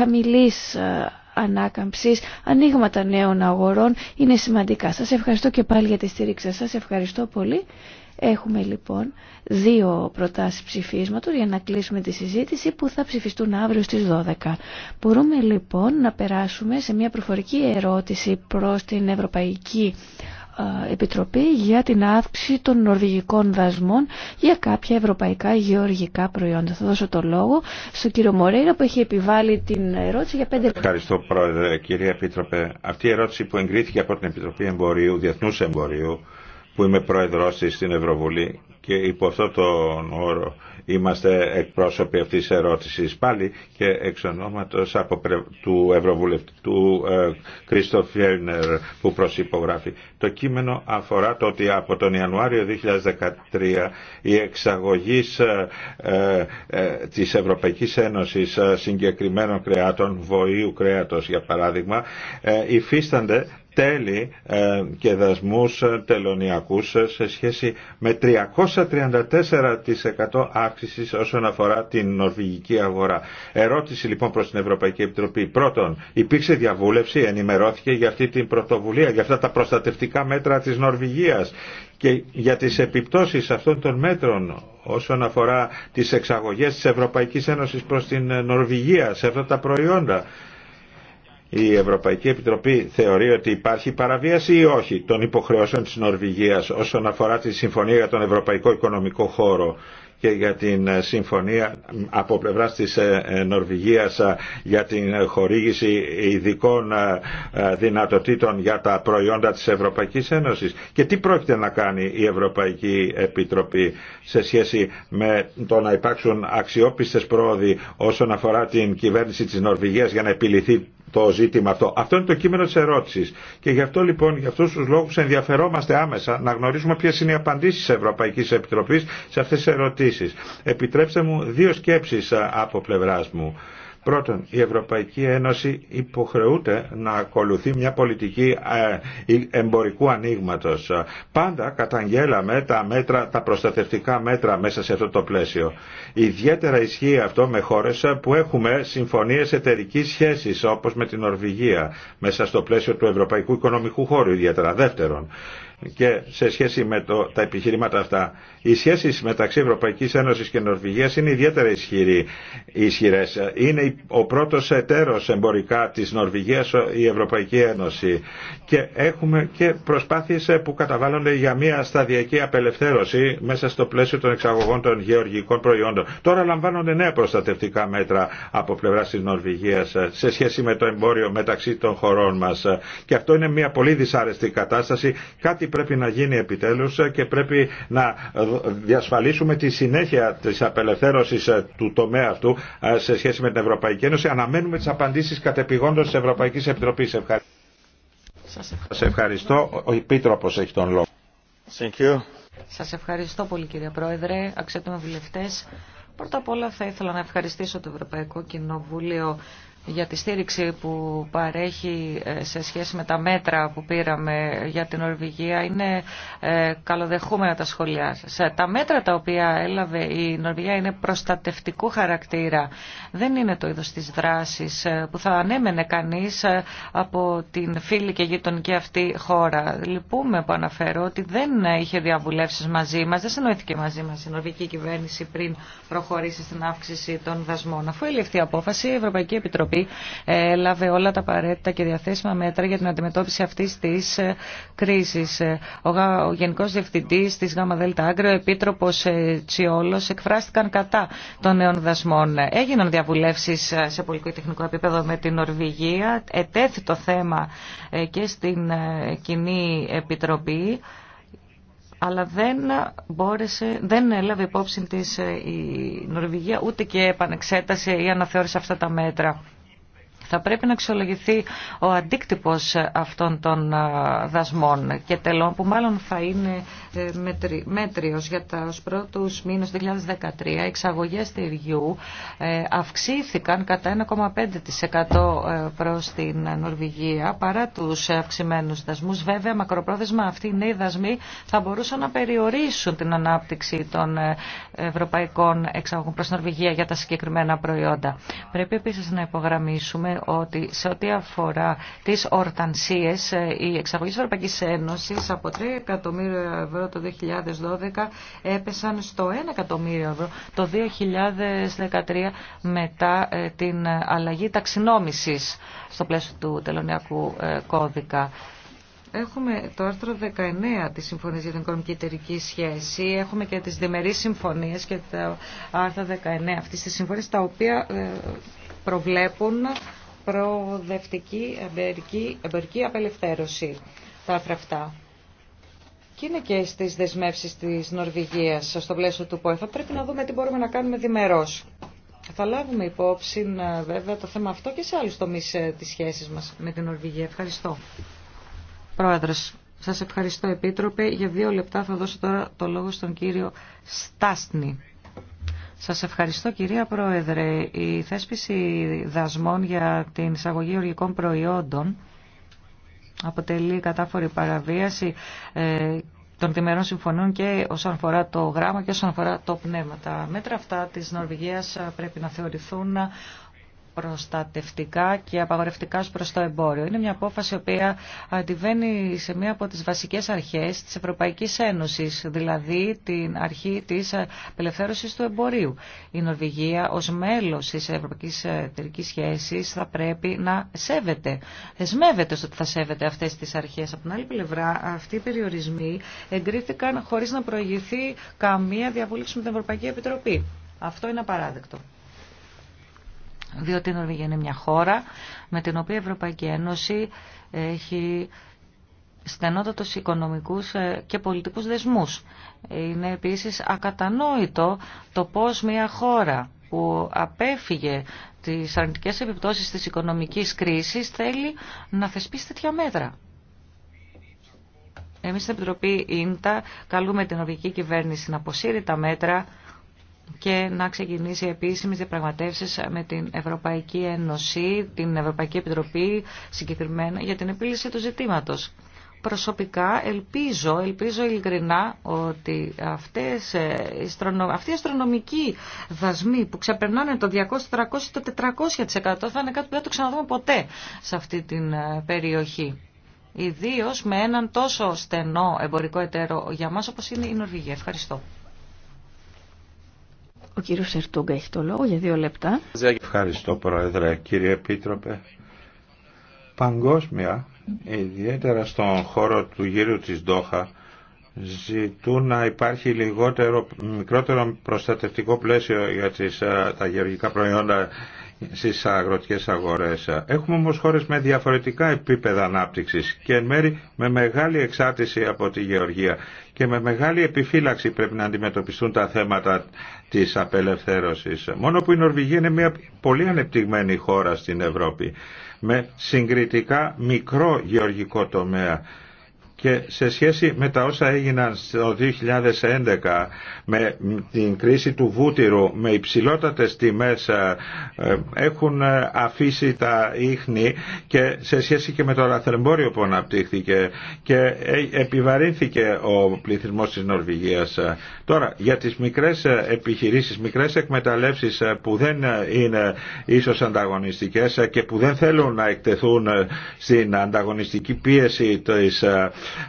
χαμηλής ε, ανάκαμψης, ανοίγματα νέων αγορών είναι σημαντικά. Σας ευχαριστώ και πάλι για τη στήριξη σας. Ευχαριστώ πολύ. Έχουμε λοιπόν δύο προτάσεις ψηφίσματος για να κλείσουμε τη συζήτηση που θα ψηφιστούν αύριο στις 12. Μπορούμε λοιπόν να περάσουμε σε μια προφορική ερώτηση προς την Ευρωπαϊκή ε, Επιτροπή για την αύξηση των νορβηγικών δασμών για κάποια ευρωπαϊκά γεωργικά προϊόντα. Θα δώσω το λόγο στον κύριο Μορέιρα που έχει επιβάλει την ερώτηση για πέντε λεπτά. Ευχαριστώ πρόεδρε κύριε Επίτροπε. Αυτή η ερώτηση που εγκρίθηκε από την Επιτροπή Εμπορίου, Διεθνού Εμπορίου που είμαι πρόεδρος της στην Ευρωβουλή και υπό αυτό τον όρο είμαστε εκπρόσωποι αυτής της ερώτησης πάλι και εξ ονόματος από του Ευρωβουλευτή του Κρίστοφ ε, Φιέρνερ που προσυπογράφει. Το κείμενο αφορά το ότι από τον Ιανουάριο 2013 η εξαγωγή ε, ε, ε, της Ευρωπαϊκής Ένωσης συγκεκριμένων κρεάτων, βοήου κρέατος για παράδειγμα, ε, υφίστανται τέλη ε, και δασμούς ε, τελωνιακούς ε, σε σχέση με 334% αύξηση όσον αφορά την νορβηγική αγορά. Ερώτηση λοιπόν προς την Ευρωπαϊκή Επιτροπή. Πρώτον, υπήρξε διαβούλευση, ενημερώθηκε για αυτή την πρωτοβουλία, για αυτά τα προστατευτικά μέτρα της Νορβηγίας και για τις επιπτώσεις αυτών των μέτρων όσον αφορά τις εξαγωγές της Ευρωπαϊκής Ένωσης προς την Νορβηγία σε αυτά τα προϊόντα η Ευρωπαϊκή Επιτροπή θεωρεί ότι υπάρχει παραβίαση ή όχι των υποχρεώσεων της Νορβηγίας όσον αφορά τη Συμφωνία για τον Ευρωπαϊκό Οικονομικό Χώρο και για την συμφωνία από πλευρά της ε, ε, Νορβηγίας ε, για την χορήγηση ειδικών δυνατοτήτων για τα προϊόντα της Ευρωπαϊκής Ένωσης. Και τι πρόκειται να κάνει η Ευρωπαϊκή Επιτροπή σε σχέση με το να υπάρξουν αξιόπιστες πρόοδοι όσον αφορά την κυβέρνηση της Νορβηγίας για να επιληθεί το ζήτημα αυτό. Αυτό είναι το κείμενο της ερώτησης. Και γι' αυτό λοιπόν, γι' αυτούς τους λόγους ενδιαφερόμαστε άμεσα να γνωρίσουμε ποιες είναι οι απαντήσεις της Ευρωπαϊκής Επιτροπής σε αυτές τις ερωτήσεις. Επιτρέψτε μου δύο σκέψεις από πλευράς μου. Πρώτον, η Ευρωπαϊκή Ένωση υποχρεούται να ακολουθεί μια πολιτική ε, εμπορικού ανοίγματο. Πάντα καταγγέλαμε τα, μέτρα, τα προστατευτικά μέτρα μέσα σε αυτό το πλαίσιο. Ιδιαίτερα ισχύει αυτό με χώρε που έχουμε συμφωνίε εταιρική σχέση, όπω με την Νορβηγία, μέσα στο πλαίσιο του Ευρωπαϊκού Οικονομικού Χώρου ιδιαίτερα. Δεύτερον, και σε σχέση με το, τα επιχειρήματα αυτά. Οι σχέσεις μεταξύ Ευρωπαϊκής Ένωσης και Νορβηγίας είναι ιδιαίτερα ισχυροί, ισχυρές. Είναι ο πρώτος εταίρος εμπορικά της Νορβηγίας η Ευρωπαϊκή Ένωση και έχουμε και προσπάθειες που καταβάλλονται για μια σταδιακή απελευθέρωση μέσα στο πλαίσιο των εξαγωγών των γεωργικών προϊόντων. Τώρα λαμβάνονται νέα προστατευτικά μέτρα από πλευρά της Νορβηγίας σε σχέση με το εμπόριο μεταξύ των χωρών μας και αυτό είναι μια πολύ δυσάρεστη κατάσταση, κάτι πρέπει να γίνει επιτέλους και πρέπει να διασφαλίσουμε τη συνέχεια της απελευθέρωσης ε, του τομέα αυτού ε, σε σχέση με την Ευρωπαϊκή Ένωση. Αναμένουμε τις απαντήσεις κατεπηγόντως της Ευρωπαϊκής Επιτροπής. Ευχαριστώ. Σας ευχαριστώ. Ο Επίτροπος έχει τον λόγο. Thank Σας ευχαριστώ πολύ κύριε Πρόεδρε, αξιότιμοι βουλευτές. Πρώτα απ' όλα θα ήθελα να ευχαριστήσω το Ευρωπαϊκό Κοινοβούλιο για τη στήριξη που παρέχει ε, σε σχέση με τα μέτρα που πήραμε για την Νορβηγία. Είναι ε, καλοδεχούμενα τα σχολεία σας. Ε, τα μέτρα τα οποία έλαβε η Νορβηγία είναι προστατευτικού χαρακτήρα. Δεν είναι το είδος της δράσης που θα ανέμενε κανείς από την φίλη και γειτονική αυτή χώρα. Λυπούμε που αναφέρω ότι δεν είχε διαβουλεύσεις μαζί μας, δεν συνοήθηκε μαζί μας η Νορβηγική κυβέρνηση πριν προχωρήσει στην αύξηση των δασμών. Αφού η απόφαση, η Ευρωπαϊκή Επιτροπή έλαβε όλα τα απαραίτητα και διαθέσιμα μέτρα για την αντιμετώπιση αυτή τη ε, κρίση. Ο Γενικό Διευθυντή τη ΓΔΑ, ο Επίτροπο ε, Τσιόλο, εκφράστηκαν κατά των νέων δασμών. Έγιναν διαβουλεύσει ε, σε πολιτικό τεχνικό επίπεδο με την Νορβηγία. Ετέθη το θέμα και στην Κοινή Επιτροπή αλλά δεν μπόρεσε, δεν έλαβε υπόψη της η Νορβηγία ούτε και επανεξέτασε ή αναθεώρησε αυτά τα μέτρα. Θα πρέπει να αξιολογηθεί ο αντίκτυπος αυτών των δασμών και τελών που μάλλον θα είναι ε, μέτριος για τους πρώτους μήνες 2013. Οι εξαγωγές τυριού ε, αυξήθηκαν κατά 1,5% ε, προς την Νορβηγία παρά τους αυξημένους δασμούς. Βέβαια, μακροπρόθεσμα αυτοί οι νέοι δασμοί θα μπορούσαν να περιορίσουν την ανάπτυξη των ευρωπαϊκών εξαγωγών προς Νορβηγία για τα συγκεκριμένα προϊόντα. Πρέπει επίσης να υπογραμμίσουμε ότι σε ό,τι αφορά τις ορτανσίες, ε, η εξαγωγή της Ευρωπαϊκής Ένωσης από 3 εκατομμύρια ευρώ το 2012 έπεσαν στο 1 εκατομμύριο ευρώ το 2013 μετά ε, την αλλαγή ταξινόμησης στο πλαίσιο του τελωνιακού ε, κώδικα. Έχουμε το άρθρο 19 της Συμφωνίας για την Οικονομική Εταιρική Σχέση. Έχουμε και τις διμερείς συμφωνίες και τα άρθρο 19 αυτής της συμφωνίας, τα οποία προβλέπουν προοδευτική εμπερική, εμπερική απελευθέρωση τα άρθρα αυτά. Και είναι και στι δεσμεύσει τη Νορβηγία στο πλαίσιο του ΠΟΕΦΑ. πρέπει να δούμε τι μπορούμε να κάνουμε διμερό. Θα λάβουμε υπόψη ε, βέβαια το θέμα αυτό και σε άλλου τομεί ε, τη σχέση μα με την Νορβηγία. Ευχαριστώ. Πρόεδρο, σα ευχαριστώ, Επίτροπε. Για δύο λεπτά θα δώσω τώρα το λόγο στον κύριο Στάσνη. Σας ευχαριστώ κυρία Πρόεδρε. Η θέσπιση δασμών για την εισαγωγή οργικών προϊόντων αποτελεί κατάφορη παραβίαση ε, των διμερών συμφωνών και όσον αφορά το γράμμα και όσον αφορά το πνεύμα. Τα μέτρα αυτά της Νορβηγίας πρέπει να θεωρηθούν προστατευτικά και απαγορευτικά προς το εμπόριο. Είναι μια απόφαση η οποία αντιβαίνει σε μία από τις βασικές αρχές της Ευρωπαϊκής Ένωσης, δηλαδή την αρχή της απελευθέρωσης του εμπορίου. Η Νορβηγία ως μέλος της Ευρωπαϊκής Εταιρικής Σχέσης θα πρέπει να σέβεται, δεσμεύεται στο ότι θα σέβεται αυτές τις αρχές. Από την άλλη πλευρά αυτοί οι περιορισμοί εγκρίθηκαν χωρίς να προηγηθεί καμία διαβούλευση με την Ευρωπαϊκή Επιτροπή. Αυτό είναι απαράδεκτο διότι η Νορβηγία είναι μια χώρα με την οποία η Ευρωπαϊκή Ένωση έχει στενότατος οικονομικούς ε, και πολιτικούς δεσμούς. Είναι επίσης ακατανόητο το πώς μια χώρα που απέφυγε τις αρνητικές επιπτώσεις της οικονομικής κρίσης θέλει να θεσπίσει τέτοια μέτρα. Εμείς στην Επιτροπή ΙΝΤΑ καλούμε την Νορβηγική Κυβέρνηση να αποσύρει τα μέτρα και να ξεκινήσει επίσημες διαπραγματεύσεις με την Ευρωπαϊκή Ένωση, την Ευρωπαϊκή Επιτροπή συγκεκριμένα για την επίλυση του ζητήματος. Προσωπικά ελπίζω, ελπίζω ειλικρινά ότι αυτές, ε, αυτοί οι αστρονομικοί δασμοί που ξεπερνάνε το 200, 300, το 400% θα είναι κάτι που δεν το ξαναδούμε ποτέ σε αυτή την ε, περιοχή. Ιδίω με έναν τόσο στενό εμπορικό εταίρο για μας όπως είναι η Νορβηγία. Ευχαριστώ. Ο κύριο Σερτούγκα έχει το λόγο για δύο λεπτά. Ευχαριστώ Πρόεδρε, κύριε Επίτροπε. Παγκόσμια, ιδιαίτερα στον χώρο του γύρου της Ντόχα, ζητούν να υπάρχει λιγότερο, μικρότερο προστατευτικό πλαίσιο για τις, τα γεωργικά προϊόντα στις αγροτικές αγορές. Έχουμε όμως χώρες με διαφορετικά επίπεδα ανάπτυξης και εν μέρη με μεγάλη εξάρτηση από τη γεωργία και με μεγάλη επιφύλαξη πρέπει να αντιμετωπιστούν τα θέματα της απελευθέρωσης. Μόνο που η Νορβηγία είναι μια πολύ ανεπτυγμένη χώρα στην Ευρώπη με συγκριτικά μικρό γεωργικό τομέα και σε σχέση με τα όσα έγιναν στο 2011 με την κρίση του βούτυρου με υψηλότατες τιμές ε, έχουν ε, αφήσει τα ίχνη και σε σχέση και με το λαθρεμπόριο που αναπτύχθηκε και ε, επιβαρύνθηκε ο πληθυσμός της Νορβηγίας. Τώρα για τις μικρές επιχειρήσεις, μικρές εκμεταλλεύσεις που δεν είναι ίσως ανταγωνιστικές και που δεν θέλουν να εκτεθούν στην ανταγωνιστική πίεση της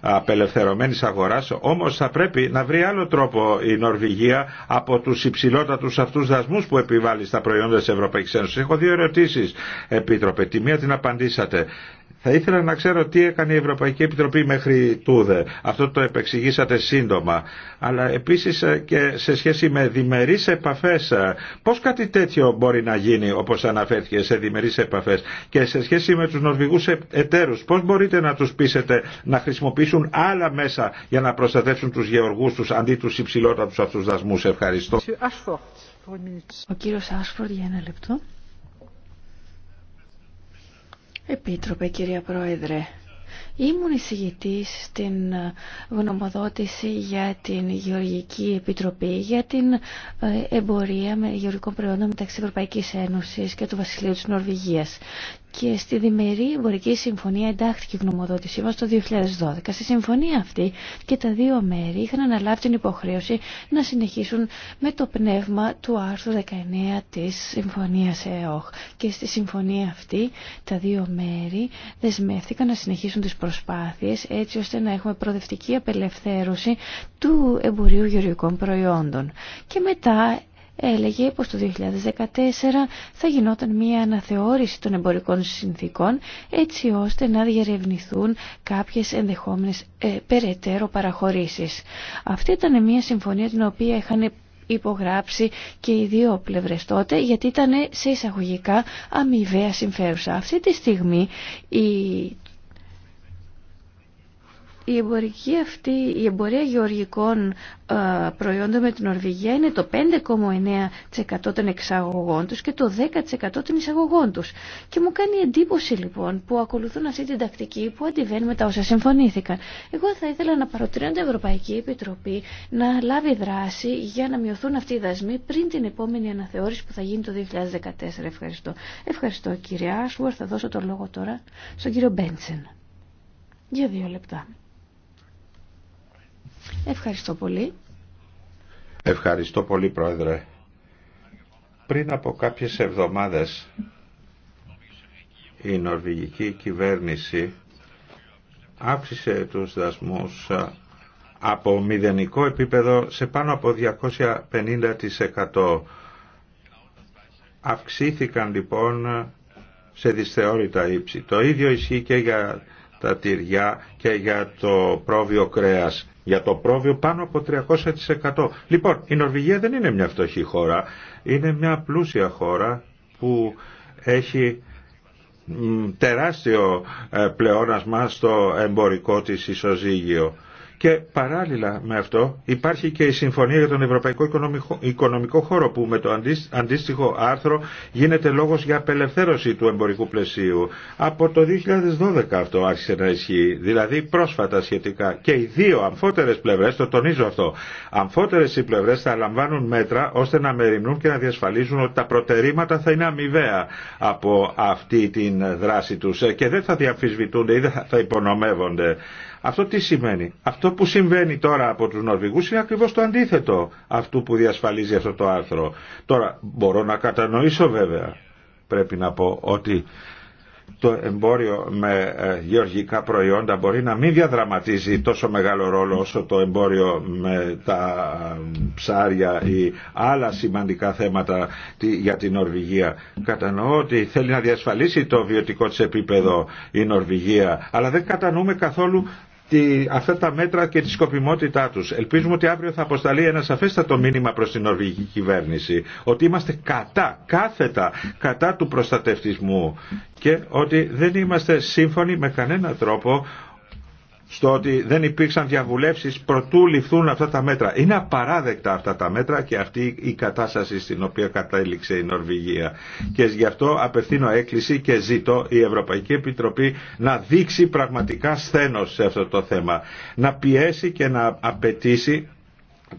απελευθερωμένη αγοράς, όμως θα πρέπει να βρει άλλο τρόπο η Νορβηγία από τους υψηλότατους αυτούς δασμούς που επιβάλλει στα προϊόντα της Ευρωπαϊκής Ένωσης. Έχω δύο ερωτήσεις, Επίτροπε. Τη μία την απαντήσατε. Θα ήθελα να ξέρω τι έκανε η Ευρωπαϊκή Επιτροπή μέχρι τούδε. Αυτό το επεξηγήσατε σύντομα. Αλλά επίσης ε, και σε σχέση με διμερείς επαφές, ε, πώς κάτι τέτοιο μπορεί να γίνει όπως αναφέρθηκε σε διμερείς επαφές και σε σχέση με τους νορβηγούς ε, εταίρους, πώς μπορείτε να τους πείσετε να χρησιμοποιήσουν άλλα μέσα για να προστατεύσουν τους γεωργούς τους αντί τους υψηλότατους αυτούς δασμούς. Ευχαριστώ. Επίτροπε, κυρία Πρόεδρε. Ήμουν εισηγητής στην γνωμοδότηση για την Γεωργική Επιτροπή για την ε, εμπορία με γεωργικών προϊόντων μεταξύ Ευρωπαϊκής Ένωσης και του Βασιλείου της Νορβηγίας και στη διμερή εμπορική συμφωνία εντάχθηκε η γνωμοδότησή μας το 2012. Στη συμφωνία αυτή και τα δύο μέρη είχαν αναλάβει την υποχρέωση να συνεχίσουν με το πνεύμα του άρθρου 19 της συμφωνίας ΕΟΧ. Και στη συμφωνία αυτή τα δύο μέρη δεσμεύτηκαν να συνεχίσουν τις προσπάθειες έτσι ώστε να έχουμε προοδευτική απελευθέρωση του εμπορίου γεωργικών προϊόντων. Και μετά έλεγε πως το 2014 θα γινόταν μια αναθεώρηση των εμπορικών συνθήκων έτσι ώστε να διερευνηθούν κάποιες ενδεχόμενες ε, περαιτέρω παραχωρήσεις. Αυτή ήταν μια συμφωνία την οποία είχαν υπογράψει και οι δύο πλευρές τότε γιατί ήταν σε εισαγωγικά αμοιβαία συμφέρουσα. Αυτή τη στιγμή η η εμπορική αυτή, η εμπορία γεωργικών ε, προϊόντων με την Νορβηγία είναι το 5,9% των εξαγωγών τους και το 10% των εισαγωγών τους. Και μου κάνει εντύπωση λοιπόν που ακολουθούν αυτή την τακτική που αντιβαίνει με τα όσα συμφωνήθηκαν. Εγώ θα ήθελα να παροτρύνω την Ευρωπαϊκή Επιτροπή να λάβει δράση για να μειωθούν αυτοί οι δασμοί πριν την επόμενη αναθεώρηση που θα γίνει το 2014. Ευχαριστώ. Ευχαριστώ κυρία Άσουαρ. Θα δώσω το λόγο τώρα στον κύριο Μπέντσεν. Για δύο λεπτά. Ευχαριστώ πολύ. Ευχαριστώ πολύ Πρόεδρε. Πριν από κάποιες εβδομάδες η νορβηγική κυβέρνηση αύξησε τους δασμούς από μηδενικό επίπεδο σε πάνω από 250%. Αυξήθηκαν λοιπόν σε δυσθεώρητα ύψη. Το ίδιο ισχύει και για τα τυριά και για το πρόβιο κρέας για το πρόβιο πάνω από 300%. Λοιπόν, η Νορβηγία δεν είναι μια φτωχή χώρα, είναι μια πλούσια χώρα που έχει τεράστιο ε, πλεόνασμα στο εμπορικό της ισοζύγιο. Και παράλληλα με αυτό υπάρχει και η Συμφωνία για τον Ευρωπαϊκό Οικονομικό, Χώρο που με το αντίστοιχο άρθρο γίνεται λόγος για απελευθέρωση του εμπορικού πλαισίου. Από το 2012 αυτό άρχισε να ισχύει, δηλαδή πρόσφατα σχετικά. Και οι δύο αμφότερες πλευρές, το τονίζω αυτό, αμφότερες οι πλευρές θα λαμβάνουν μέτρα ώστε να μεριμνούν και να διασφαλίζουν ότι τα προτερήματα θα είναι αμοιβαία από αυτή την δράση τους ε, και δεν θα διαμφισβητούνται ή δεν θα υπονομεύονται. Αυτό τι σημαίνει. Αυτό που συμβαίνει τώρα από τους Νορβηγούς είναι ακριβώς το αντίθετο αυτού που διασφαλίζει αυτό το άρθρο. Τώρα μπορώ να κατανοήσω βέβαια πρέπει να πω ότι το εμπόριο με ε, γεωργικά προϊόντα μπορεί να μην διαδραματίζει τόσο μεγάλο ρόλο όσο το εμπόριο με τα ε, ψάρια ή άλλα σημαντικά θέματα για την Νορβηγία. Κατανοώ ότι θέλει να διασφαλίσει το βιωτικό της επίπεδο η Νορβηγία, αλλά δεν κατανοούμε καθόλου τη, αυτά τα μέτρα και τη σκοπιμότητά τους. Ελπίζουμε ότι αύριο θα αποσταλεί ένα σαφέστατο μήνυμα προς την νορβηγική κυβέρνηση ότι είμαστε κατά, κάθετα, κατά του προστατευτισμού και ότι δεν είμαστε σύμφωνοι με κανένα τρόπο στο ότι δεν υπήρξαν διαβουλεύσεις προτού ληφθούν αυτά τα μέτρα. Είναι απαράδεκτα αυτά τα μέτρα και αυτή η κατάσταση στην οποία κατέληξε η Νορβηγία. Και γι' αυτό απευθύνω έκκληση και ζητώ η Ευρωπαϊκή Επιτροπή να δείξει πραγματικά σθένος σε αυτό το θέμα. Να πιέσει και να απαιτήσει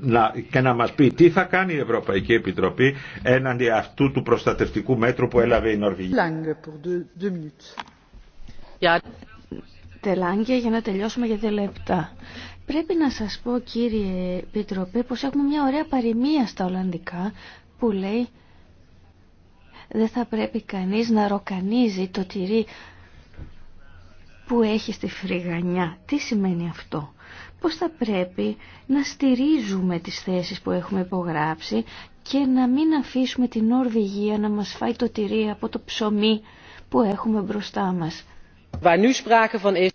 να, και να μας πει τι θα κάνει η Ευρωπαϊκή Επιτροπή έναντι αυτού του προστατευτικού μέτρου που έλαβε η Νορβηγία. Τελάνγκια για να τελειώσουμε για δύο Πρέπει να σας πω κύριε Πίτροπε πως έχουμε μια ωραία παροιμία στα Ολλανδικά που λέει δεν θα πρέπει κανείς να ροκανίζει το τυρί που έχει στη φρυγανιά. Τι σημαίνει αυτό. Πώς θα πρέπει να στηρίζουμε τις θέσεις που έχουμε υπογράψει και να μην αφήσουμε την Νορβηγία να μας φάει το τυρί από το ψωμί που έχουμε μπροστά μας waar nu sprake van is.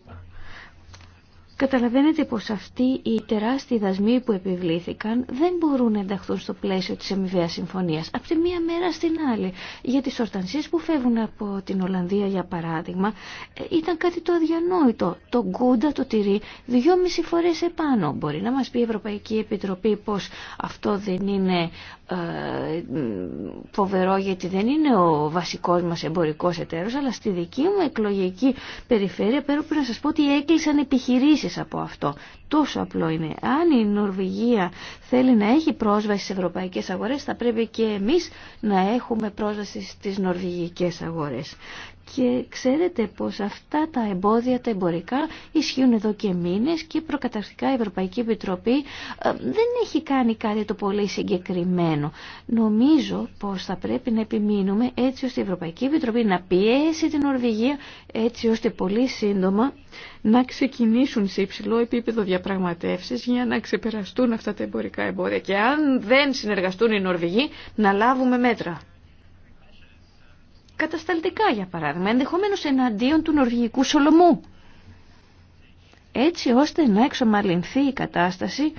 Καταλαβαίνετε πως αυτοί οι τεράστιοι δασμοί που επιβλήθηκαν δεν μπορούν να ενταχθούν στο πλαίσιο της αμοιβαίας συμφωνίας από τη μία μέρα στην άλλη. Για τις ορτανσίες που φεύγουν από την Ολλανδία για παράδειγμα ε, ήταν κάτι το αδιανόητο. Το γκούντα το τυρί δυόμιση φορές επάνω. Μπορεί να μας πει η Ευρωπαϊκή Επιτροπή πως αυτό δεν είναι ε, φοβερό γιατί δεν είναι ο βασικός μας εμπορικός εταίρος αλλά στη δική μου εκλογική περιφέρεια πέρα να σας πω ότι έκλεισαν επιχειρήσει από αυτό. Τόσο απλό είναι. Αν η Νορβηγία θέλει να έχει πρόσβαση στις ευρωπαϊκές αγορές, θα πρέπει και εμείς να έχουμε πρόσβαση στις νορβηγικές αγορές και ξέρετε πως αυτά τα εμπόδια τα εμπορικά ισχύουν εδώ και μήνες και προκαταρχικά η Ευρωπαϊκή Επιτροπή ε, δεν έχει κάνει κάτι το πολύ συγκεκριμένο. Νομίζω πως θα πρέπει να επιμείνουμε έτσι ώστε η Ευρωπαϊκή Επιτροπή να πιέσει την Ορβηγία έτσι ώστε πολύ σύντομα να ξεκινήσουν σε υψηλό επίπεδο διαπραγματεύσεις για να ξεπεραστούν αυτά τα εμπορικά εμπόδια και αν δεν συνεργαστούν οι Νορβηγοί να λάβουμε μέτρα κατασταλτικά για παράδειγμα, ενδεχομένως εναντίον του νορβηγικού σολομού. Έτσι ώστε να εξομαλυνθεί η κατάσταση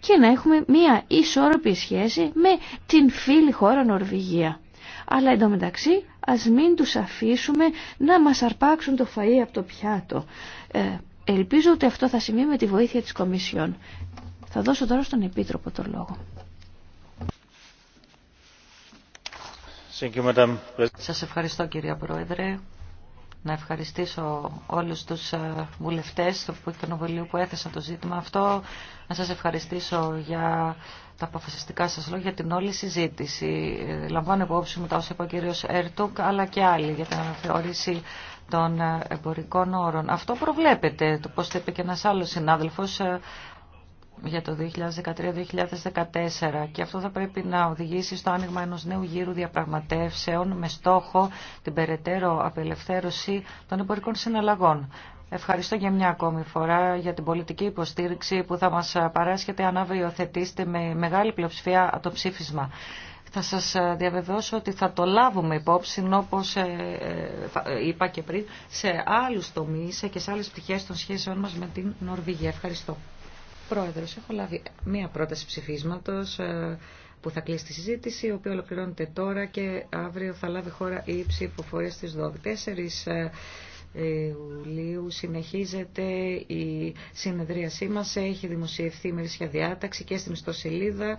και να έχουμε μία ισόρροπη σχέση με την φίλη χώρα Νορβηγία. Αλλά εντωμεταξύ ας μην τους αφήσουμε να μας αρπάξουν το φαΐ από το πιάτο. Ε, ελπίζω ότι αυτό θα σημεί με τη βοήθεια της Κομισιόν. Θα δώσω τώρα στον Επίτροπο το λόγο. Σας ευχαριστώ κύριε Πρόεδρε. Να ευχαριστήσω όλους τους ε, βουλευτές του Κοινοβουλίου που έθεσαν το ζήτημα αυτό. Να σας ευχαριστήσω για τα αποφασιστικά σας λόγια, για την όλη συζήτηση. Ε, λαμβάνω υπόψη μου τα όσα είπε ο κύριος Ερτούκ, αλλά και άλλοι για την αναθεώρηση των ε, εμπορικών όρων. Αυτό προβλέπεται, το πώς είπε και ένας άλλος συνάδελφος, για το 2013-2014 και αυτό θα πρέπει να οδηγήσει στο άνοιγμα ενός νέου γύρου διαπραγματεύσεων με στόχο την περαιτέρω απελευθέρωση των εμπορικών συναλλαγών. Ευχαριστώ για μια ακόμη φορά για την πολιτική υποστήριξη που θα μας παράσχεται αν αύριο με μεγάλη πλειοψηφία το ψήφισμα. Θα σας διαβεβαιώσω ότι θα το λάβουμε υπόψη, όπως ε, ε, είπα και πριν, σε άλλους τομείς και σε άλλες πτυχές των σχέσεων μας με την Νορβηγία. Ευχαριστώ. Πρόεδρος, έχω λάβει μία πρόταση ψηφίσματος ε, που θα κλείσει τη συζήτηση, η οποία ολοκληρώνεται τώρα και αύριο θα λάβει χώρα η ψηφοφορία στις 24 ε, Ιουλίου συνεχίζεται η συνεδρίασή μας, έχει δημοσιευθεί η μερίσια διάταξη και στην ιστοσελίδα